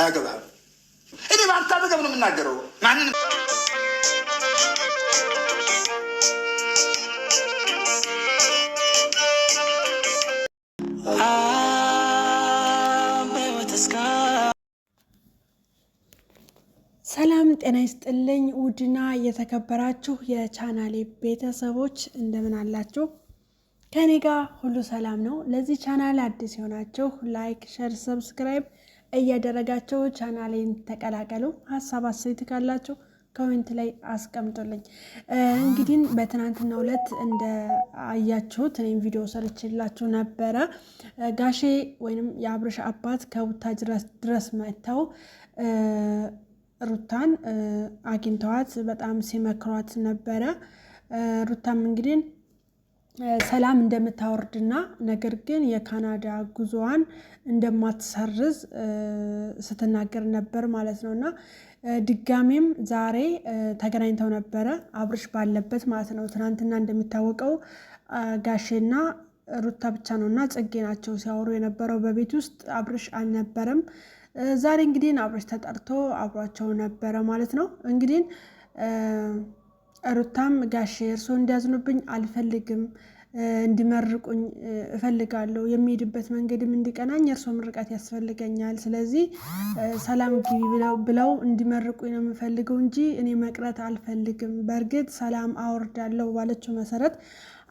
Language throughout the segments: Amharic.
አያገባም። እኔ ባታጠገብ ነው የምናገረው ሰላም ጤና ይስጥልኝ። ውድና የተከበራችሁ የቻናሌ ቤተሰቦች እንደምን አላችሁ? ከኔ ጋር ሁሉ ሰላም ነው። ለዚህ ቻናል አዲስ የሆናችሁ ላይክ፣ ሸር፣ ሰብስክራይብ እያደረጋችሁ ቻናሌን ተቀላቀሉ። ሀሳብ አስተያየት ካላችሁ ኮሜንት ላይ አስቀምጡልኝ። እንግዲህ በትናንትናው ዕለት እንደ አያችሁት እኔም ቪዲዮ ሰርችላችሁ ነበረ። ጋሼ ወይም የአብርሽ አባት ከቡታጅራ ድረስ መጥተው ሩታን አግኝተዋት በጣም ሲመክሯት ነበረ። ሩታም እንግዲህ ሰላም እንደምታወርድና ነገር ግን የካናዳ ጉዞዋን እንደማትሰርዝ ስትናገር ነበር ማለት ነው። እና ድጋሜም ዛሬ ተገናኝተው ነበረ አብርሽ ባለበት ማለት ነው። ትናንትና እንደሚታወቀው ጋሼና ሩታ ብቻ ነው እና ጽጌ ናቸው ሲያወሩ የነበረው በቤት ውስጥ አብርሽ አልነበረም። ዛሬ እንግዲህ አብርሽ ተጠርቶ አብሯቸው ነበረ ማለት ነው እንግዲህ ሩታም ጋሼ እርስዎ እንዲያዝኑብኝ አልፈልግም፣ እንዲመርቁኝ እፈልጋለሁ። የሚሄድበት መንገድም እንዲቀናኝ እርስዎ ምርቃት ያስፈልገኛል። ስለዚህ ሰላም ግቢ ብለው እንዲመርቁኝ ነው የምፈልገው እንጂ እኔ መቅረት አልፈልግም። በእርግጥ ሰላም አወርዳለሁ ባለችው መሰረት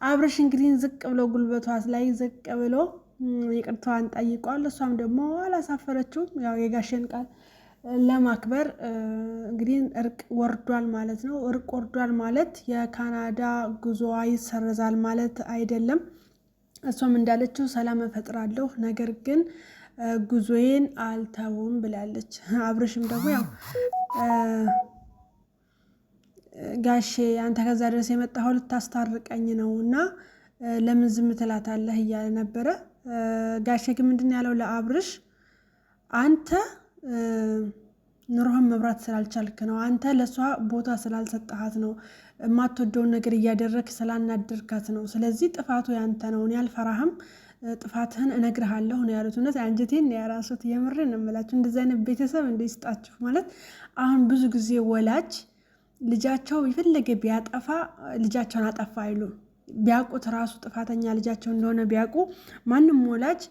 አብረሽ እንግዲህ ዝቅ ብሎ ጉልበቷ ላይ ዝቅ ብሎ ይቅርታዋን ጠይቋል። እሷም ደግሞ አላሳፈረችውም። ያው የጋሼን ቃል ለማክበር እንግዲህ እርቅ ወርዷል ማለት ነው። እርቅ ወርዷል ማለት የካናዳ ጉዞዋ ይሰረዛል ማለት አይደለም። እሷም እንዳለችው ሰላም እፈጥራለሁ ነገር ግን ጉዞዬን አልተውም ብላለች። አብርሽም ደግሞ ያው ጋሼ አንተ ከዛ ድረስ የመጣኸው ልታስታርቀኝ ነው እና ለምን ዝም ትላታለህ እያለ ነበረ። ጋሼ ግን ምንድን ያለው ለአብርሽ አንተ ኑሮህን መብራት ስላልቻልክ ነው። አንተ ለእሷ ቦታ ስላልሰጠሃት ነው። የማትወደውን ነገር እያደረግ ስላናደርካት ነው። ስለዚህ ጥፋቱ ያንተ ነው። እኔ አልፈራህም፣ ጥፋትህን እነግርሃለሁ ነው ያሉት። እውነት አንጀቴን ያራሱት። የምሬን እምላችሁ እንደዚህ አይነት ቤተሰብ እንደ ይስጣችሁ ማለት አሁን ብዙ ጊዜ ወላጅ ልጃቸው የፈለገ ቢያጠፋ ልጃቸውን አጠፋ አይሉም። ቢያውቁት ራሱ ጥፋተኛ ልጃቸው እንደሆነ ቢያውቁ ማንም ወላጅ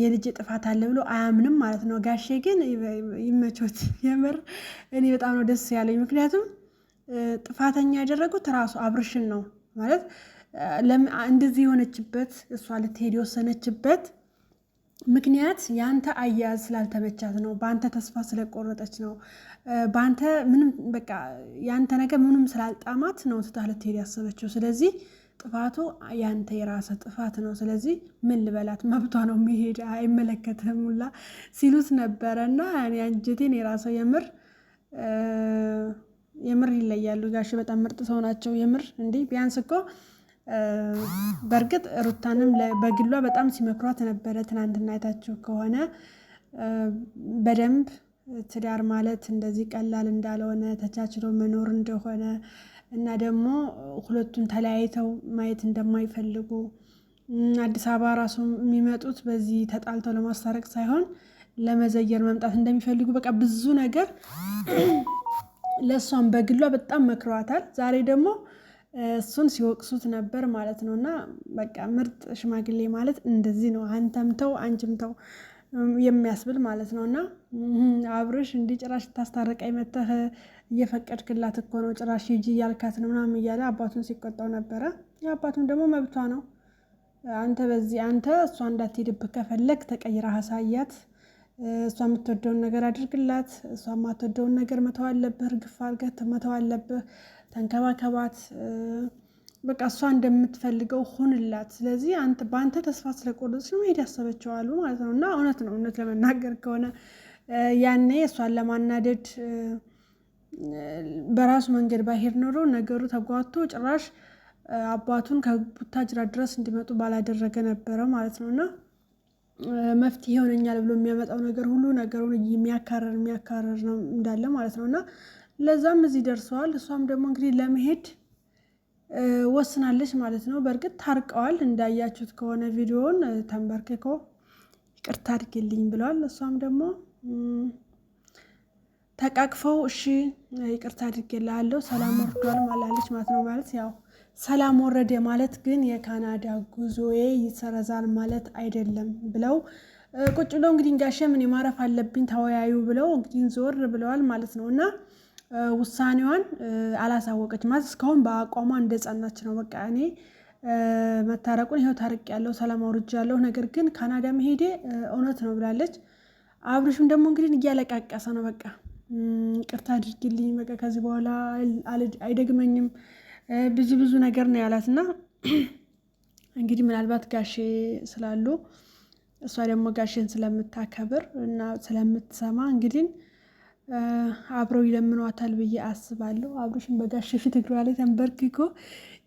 የልጅ ጥፋት አለ ብሎ አያምንም ማለት ነው። ጋሼ ግን ይመቾት፣ የምር እኔ በጣም ነው ደስ ያለኝ። ምክንያቱም ጥፋተኛ ያደረጉት ራሱ አብርሽን ነው ማለት እንደዚህ የሆነችበት እሷ ልትሄድ የወሰነችበት ምክንያት የአንተ አያያዝ ስላልተመቻት ነው። በአንተ ተስፋ ስለቆረጠች ነው። በአንተ ምንም በቃ የአንተ ነገር ምንም ስላልጣማት ነው ትታ ልትሄድ ያሰበችው። ስለዚህ ጥፋቱ ያንተ የራሰ ጥፋት ነው። ስለዚህ ምን ልበላት መብቷ ነው፣ የሚሄድ አይመለከትም ሁላ ሲሉት እና አንጀቴን የራሰው የምር የምር ይለያሉ። ጋሽ በጣም ምርጥ ሰው ናቸው። የምር እንዲህ ቢያንስ እኮ በእርግጥ ሩታንም በግሏ በጣም ሲመክሯት ነበረ። ትናንትና አይታችሁ ከሆነ በደንብ ትዳር ማለት እንደዚህ ቀላል እንዳልሆነ ተቻችሎ መኖር እንደሆነ እና ደግሞ ሁለቱን ተለያይተው ማየት እንደማይፈልጉ አዲስ አበባ ራሱ የሚመጡት በዚህ ተጣልተው ለማስታረቅ ሳይሆን ለመዘየር መምጣት እንደሚፈልጉ በቃ ብዙ ነገር ለእሷን በግሏ በጣም መክረዋታል። ዛሬ ደግሞ እሱን ሲወቅሱት ነበር ማለት ነው። እና በቃ ምርጥ ሽማግሌ ማለት እንደዚህ ነው። አንተምተው አንችምተው የሚያስብል ማለት ነው። እና አብርሽ እንዲህ ጭራሽ መተህ እየፈቀድክላት እኮ ነው ጭራሽ ሂጂ እያልካት ነው ምናምን እያለ አባቱን ሲቆጣው ነበረ። የአባቱን ደግሞ መብቷ ነው። አንተ በዚህ አንተ እሷ እንዳትሄድብህ ከፈለግ ተቀይረህ አሳያት። እሷ የምትወደውን ነገር አድርግላት። እሷ የማትወደውን ነገር መተው አለብህ፣ እርግፍ አድርገህ መተው አለብህ። ተንከባከባት። በቃ እሷ እንደምትፈልገው ሁንላት። ስለዚህ በአንተ ተስፋ ስለቆረጠች ነው መሄድ ያሰበችው አሉ ማለት ነው። እና እውነት ነው እውነት ለመናገር ከሆነ ያኔ እሷን ለማናደድ በራሱ መንገድ ባሄድ ኖሮ ነገሩ ተጓቶ ጭራሽ አባቱን ከቡታጅራ ድረስ እንዲመጡ ባላደረገ ነበረ ማለት ነው። እና መፍትሄ ይሆነኛል ብሎ የሚያመጣው ነገር ሁሉ ነገሩን የሚያካረር የሚያካረር ነው እንዳለ ማለት ነው። እና ለዛም እዚህ ደርሰዋል። እሷም ደግሞ እንግዲህ ለመሄድ ወስናለች ማለት ነው። በእርግጥ ታርቀዋል። እንዳያችሁት ከሆነ ቪዲዮውን ተንበርክኮ ይቅርታ አድርግልኝ ብለዋል። እሷም ደግሞ ተቃቅፈው እሺ ይቅርታ አድርጌልሃለሁ ሰላም ወርዷል ማላለች ማለት ነው። ማለት ያው ሰላም ወረደ ማለት ግን የካናዳ ጉዞዬ ይሰረዛል ማለት አይደለም ብለው ቁጭ ብለው እንግዲህ እንጋሸ ምን ማረፍ አለብኝ ተወያዩ ብለው እንግዲህ ዞር ብለዋል ማለት ነው። እና ውሳኔዋን አላሳወቀች ማለት እስካሁን በአቋሟ እንደጸናች ነው። በቃ እኔ መታረቁን ይኸው ታርቅ ያለው ሰላም አውርጃ ያለው ነገር ግን ካናዳ መሄዴ እውነት ነው ብላለች። አብርሽም ደግሞ እንግዲህ እያለቃቀሰ ነው በቃ ቅርታ አድርጊልኝ፣ በቃ ከዚህ በኋላ አይደግመኝም፣ ብዙ ብዙ ነገር ነው ያላት እና እንግዲህ ምናልባት ጋሼ ስላሉ እሷ ደግሞ ጋሼን ስለምታከብር እና ስለምትሰማ እንግዲህ አብረው ይለምኗታል ብዬ አስባለሁ። አብሮሽን በጋሼ ፊት እግሯ ላይ ተንበርክኮ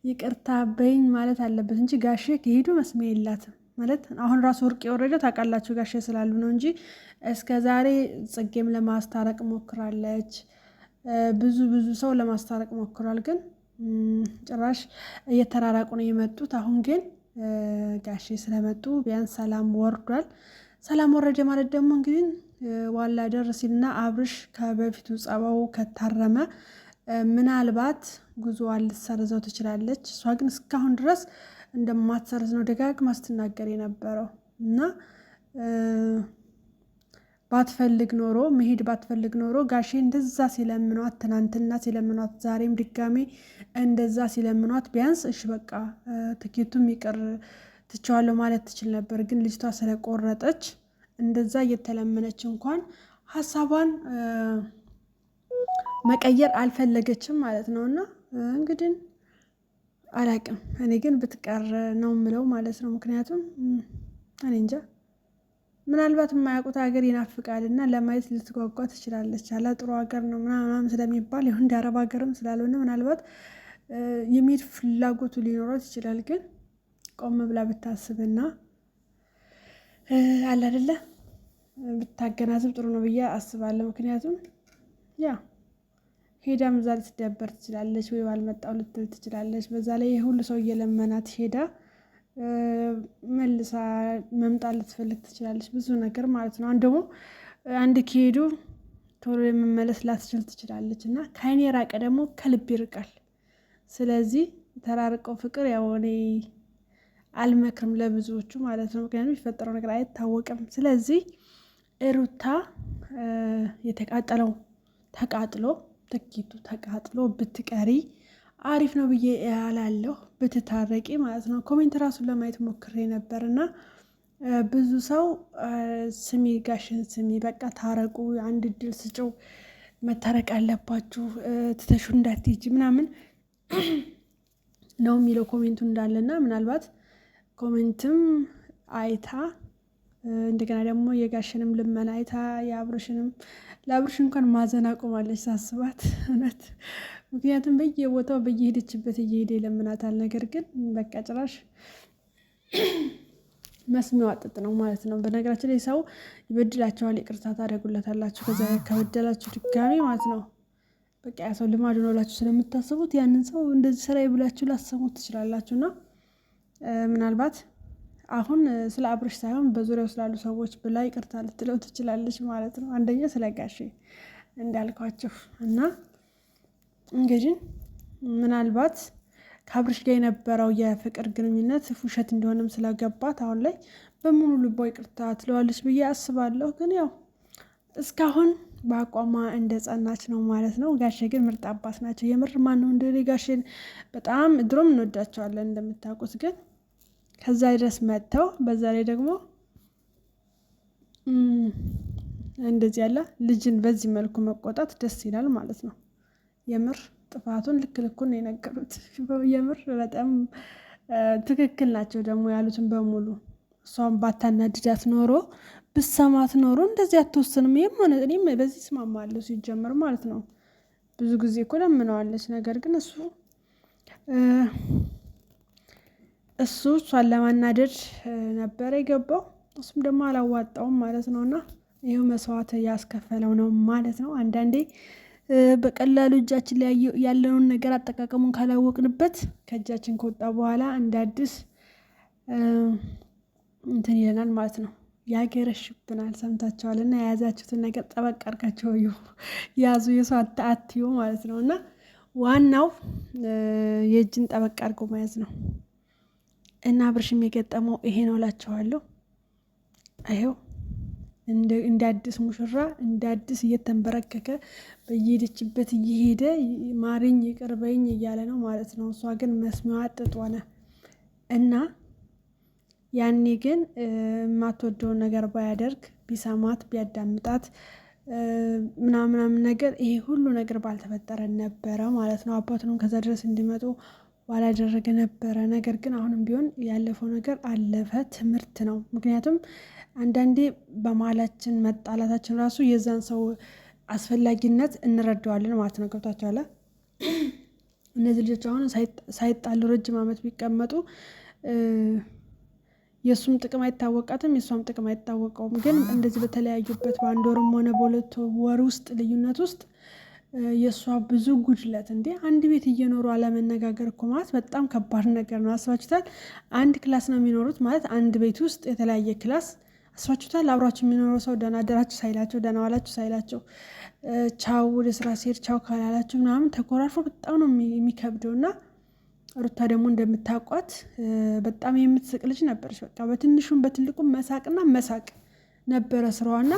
ይቅርታ በይኝ ማለት አለበት እንጂ ጋሼ ከሄዱ መስሚያ የላትም። ማለት አሁን ራሱ እርቅ የወረደው ታውቃላችሁ ጋሼ ስላሉ ነው እንጂ እስከ ዛሬ ጽጌም ለማስታረቅ ሞክራለች። ብዙ ብዙ ሰው ለማስታረቅ ሞክሯል፣ ግን ጭራሽ እየተራራቁ ነው የመጡት። አሁን ግን ጋሼ ስለመጡ ቢያንስ ሰላም ወርዷል። ሰላም ወረደ ማለት ደግሞ እንግዲህ ዋላ ደር ሲልና አብርሽ ከበፊቱ ጸባው ከታረመ ምናልባት ጉዞዋን ልትሰርዘው ትችላለች። እሷ ግን እስካሁን ድረስ እንደማትሰርዝ ነው ደጋግማ ስትናገር የነበረው እና ባትፈልግ ኖሮ መሄድ ባትፈልግ ኖሮ ጋሼ እንደዛ ሲለምኗት ትናንትና ሲለምኗት ዛሬም ድጋሜ እንደዛ ሲለምኗት ቢያንስ እሺ በቃ ትኬቱም ይቅር ትችዋለሁ ማለት ትችል ነበር። ግን ልጅቷ ስለቆረጠች እንደዛ እየተለመነች እንኳን ሀሳቧን መቀየር አልፈለገችም ማለት ነው እና እንግዲህ አላቅም። እኔ ግን ብትቀር ነው ምለው ማለት ነው። ምክንያቱም እኔ እንጃ ምናልባት የማያውቁት ሀገር ይናፍቃል እና ለማየት ልትጓጓ ትችላለች። አላ ጥሩ ሀገር ነው ምናምናም ስለሚባል ይሁን እንደ አረብ ሀገርም ስላልሆነ ምናልባት የሚሄድ ፍላጎቱ ሊኖረት ይችላል። ግን ቆም ብላ ብታስብና አለ አይደለ ብታገናዝብ ጥሩ ነው ብዬ አስባለሁ። ምክንያቱም ያ ሄዳ ምዛ ልትደበር ትችላለች፣ ወይ ባልመጣው ልትል ትችላለች። በዛ ላይ የሁሉ ሰው እየለመናት ሄዳ መልሳ መምጣት ልትፈልግ ትችላለች። ብዙ ነገር ማለት ነው። አንድ ደግሞ አንድ ከሄዱ ቶሎ የመመለስ ላትችል ትችላለች። እና ከአይኔ ራቀ ደግሞ ከልብ ይርቃል። ስለዚህ ተራርቀው ፍቅር ያው እኔ አልመክርም ለብዙዎቹ ማለት ነው። ምክንያቱም የሚፈጠረው ነገር አይታወቅም። ስለዚህ እሩታ የተቃጠለው ተቃጥሎ ጥቂቱ ተቃጥሎ ብትቀሪ አሪፍ ነው ብዬ ያላለሁ ብትታረቂ ማለት ነው። ኮሜንት ራሱን ለማየት ሞክሬ ነበር እና ብዙ ሰው ስሚ፣ ጋሽን ስሚ፣ በቃ ታረቁ፣ አንድ እድል ስጭው፣ መታረቅ አለባችሁ፣ ትተሹ እንዳትሄጂ ምናምን ነው የሚለው ኮሜንቱ እንዳለና ምናልባት ኮሜንትም አይታ እንደገና ደግሞ የጋሽንም ልመና አይታ የአብርሽንም ለአብርሽ እንኳን ማዘን አቆማለች ሳስባት እውነት። ምክንያቱም በየቦታው በየሄደችበት እየሄደ ይለምናታል። ነገር ግን በቃ ጭራሽ መስሚዋ ጥጥ ነው ማለት ነው። በነገራችን ላይ ሰው ይበድላቸዋል፣ ይቅርታ ታደርጉለታላችሁ። ከዛ ከበደላችሁ ድጋሚ ማለት ነው በቃ ያ ሰው ነው ሆኖላችሁ ስለምታስቡት ያንን ሰው እንደዚህ ስራ ብላችሁ ላሰሙት ትችላላችሁ እና ምናልባት አሁን ስለ አብርሽ ሳይሆን በዙሪያው ስላሉ ሰዎች ብላ ይቅርታ ልትለው ትችላለች ማለት ነው። አንደኛ ስለ ጋሼ እንዳልኳቸው እና እንግዲህ ምናልባት ከአብርሽ ጋር የነበረው የፍቅር ግንኙነት ውሸት እንደሆነም ስለገባት አሁን ላይ በሙሉ ልቧ ይቅርታ ትለዋለች ብዬ አስባለሁ። ግን ያው እስካሁን በአቋሟ እንደ ጸናች ነው ማለት ነው። ጋሼ ግን ምርጥ አባት ናቸው። የምር ማን ነው ጋሼን በጣም ድሮም እንወዳቸዋለን እንደምታውቁት ግን ከዛ ድረስ መጥተው በዛ ላይ ደግሞ እንደዚህ ያለ ልጅን በዚህ መልኩ መቆጣት ደስ ይላል ማለት ነው። የምር ጥፋቱን ልክ ልኩን ነው የነገሩት። የምር በጣም ትክክል ናቸው ደግሞ ያሉትን በሙሉ። እሷን ባታናድዳት ኖሮ ብሰማት ኖሮ እንደዚህ አትወስንም። የሆነ እኔም በዚህ እስማማለሁ ሲጀምር ማለት ነው። ብዙ ጊዜ እኮ ለምነዋለች፣ ነገር ግን እሱ እሱ እሷን ለማናደድ ነበረ የገባው። እሱም ደግሞ አላዋጣውም ማለት ነው እና ይህ መስዋዕት ያስከፈለው ነው ማለት ነው። አንዳንዴ በቀላሉ እጃችን ላይ ያለውን ነገር አጠቃቀሙን ካላወቅንበት ከእጃችን ከወጣ በኋላ እንደ አዲስ እንትን ይለናል ማለት ነው። ያገረሽብናል። ሰምታችኋል እና የያዛችሁትን ነገር ጠበቅ አድርጋችሁ ያዙ፣ የሰው አትዩ ማለት ነው እና ዋናው የእጅን ጠበቅ አድርጎ መያዝ ነው። እና አብርሽም የገጠመው ይሄ ነው እላቸዋለሁ። ይኸው እንደ አዲስ ሙሽራ እንደ አዲስ እየተንበረከከ በየሄደችበት እየሄደ ማሪኝ ይቅርበኝ እያለ ነው ማለት ነው። እሷ ግን መስሚዋ ጥጥ ሆነ እና ያኔ ግን የማትወደውን ነገር ባያደርግ ቢሰማት ቢያዳምጣት ምናምናምን ነገር ይሄ ሁሉ ነገር ባልተፈጠረ ነበረ ማለት ነው። አባቱንም ከዛ ድረስ እንዲመጡ ያደረገ ነበረ። ነገር ግን አሁንም ቢሆን ያለፈው ነገር አለፈ፣ ትምህርት ነው። ምክንያቱም አንዳንዴ በመሀላችን መጣላታችን ራሱ የዛን ሰው አስፈላጊነት እንረዳዋለን ማለት ነው። ገብታችኋል? እነዚህ ልጆች አሁን ሳይጣሉ ረጅም ዓመት ቢቀመጡ የእሱም ጥቅም አይታወቃትም፣ የእሷም ጥቅም አይታወቀውም። ግን እንደዚህ በተለያዩበት በአንድ ወርም ሆነ በሁለት ወር ውስጥ ልዩነት ውስጥ የእሷ ብዙ ጉድለት እንዴ አንድ ቤት እየኖሩ አለመነጋገር እኮ ማለት በጣም ከባድ ነገር ነው። አስባችሁታል? አንድ ክላስ ነው የሚኖሩት ማለት አንድ ቤት ውስጥ የተለያየ ክላስ አስባችሁታል? አብሯችሁ የሚኖረው ሰው ደህና አደራችሁ ሳይላቸው፣ ደህና ዋላችሁ ሳይላቸው፣ ቻው ወደ ስራ ሲሄድ ቻው ካላላችሁ ምናምን ተኮራርፎ በጣም ነው የሚከብደው እና ሩታ ደግሞ እንደምታውቋት በጣም የምትስቅ ልጅ ነበረች። በቃ በትንሹም በትልቁም መሳቅና መሳቅ ነበረ ስራዋና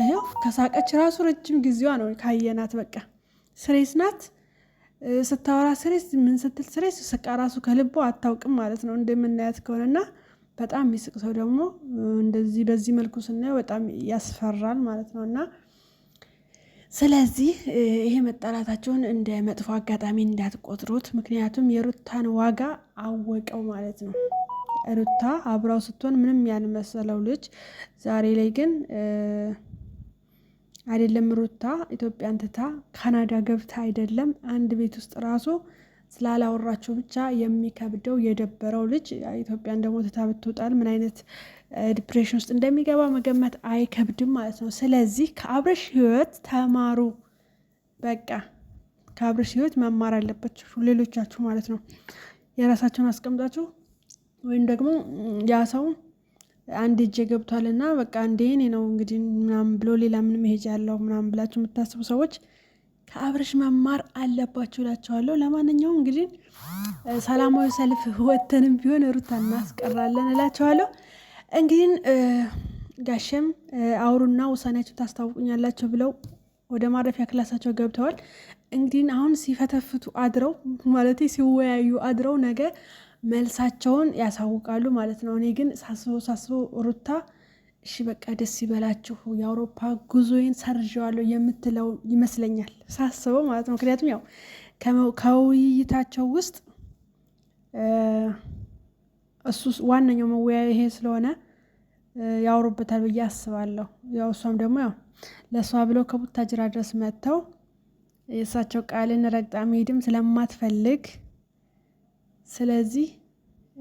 ይኸው ከሳቀች ራሱ ረጅም ጊዜዋ ነው ካየናት። በቃ ስሬስ ናት ስታወራ ስሬስ ምን ስትል ስሬስ ስቃ ራሱ ከልቦ አታውቅም ማለት ነው እንደምናያት ከሆነና በጣም የሚስቅ ሰው ደግሞ እንደዚህ በዚህ መልኩ ስናየው በጣም ያስፈራል ማለት ነው እና ስለዚህ ይሄ መጣላታቸውን እንደ መጥፎ አጋጣሚ እንዳትቆጥሩት፣ ምክንያቱም የሩታን ዋጋ አወቀው ማለት ነው። ሩታ አብራው ስትሆን ምንም ያልመሰለው ልጅ ዛሬ ላይ ግን አይደለም ሩታ ኢትዮጵያን ትታ ካናዳ ገብታ አይደለም አንድ ቤት ውስጥ ራሱ ስላላወራቸው ብቻ የሚከብደው የደበረው ልጅ ኢትዮጵያን ደግሞ ትታ ብትወጣል ምን አይነት ዲፕሬሽን ውስጥ እንደሚገባ መገመት አይከብድም ማለት ነው። ስለዚህ ከአብረሽ ህይወት ተማሩ። በቃ ከአብረሽ ህይወት መማር አለባችሁ ሌሎቻችሁ ማለት ነው። የራሳችሁን አስቀምጣችሁ ወይም ደግሞ ያ ሰው አንድ እጄ ገብቷል እና በቃ እንዴ እኔ ነው እንግዲህ ምናምን ብሎ ሌላ ምን መሄጃ ያለው ምናምን ብላችሁ የምታስቡ ሰዎች ከአብርሽ መማር አለባችሁ እላችኋለሁ። ለማንኛውም እንግዲህ ሰላማዊ ሰልፍ ወተንም ቢሆን ሩታ እናስቀራለን እላቸዋለሁ እንግዲህ ጋሼም አውሩና ውሳኔያችሁ ታስታውቁኛላቸው ብለው ወደ ማረፊያ ክላሳቸው ገብተዋል። እንግዲህ አሁን ሲፈተፍቱ አድረው ማለት ሲወያዩ አድረው ነገ መልሳቸውን ያሳውቃሉ ማለት ነው። እኔ ግን ሳስበው ሳስበው ሩታ እሺ በቃ ደስ ይበላችሁ የአውሮፓ ጉዞዬን ሰርዣዋለሁ የምትለው ይመስለኛል ሳስበው ማለት ነው። ምክንያቱም ያው ከውይይታቸው ውስጥ እሱ ዋነኛው መወያ ይሄ ስለሆነ ያወሩበታል ብዬ አስባለሁ። ያው እሷም ደግሞ ያው ለእሷ ብለው ከቡታጅራ ድረስ መጥተው የእሳቸው ቃልን ረግጣ መሄድም ስለማትፈልግ ስለዚህ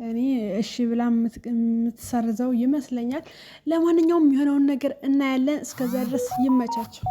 እኔ እሺ ብላ የምትሰርዘው ይመስለኛል። ለማንኛውም የሆነውን ነገር እናያለን። እስከዚያ ድረስ ይመቻቸው።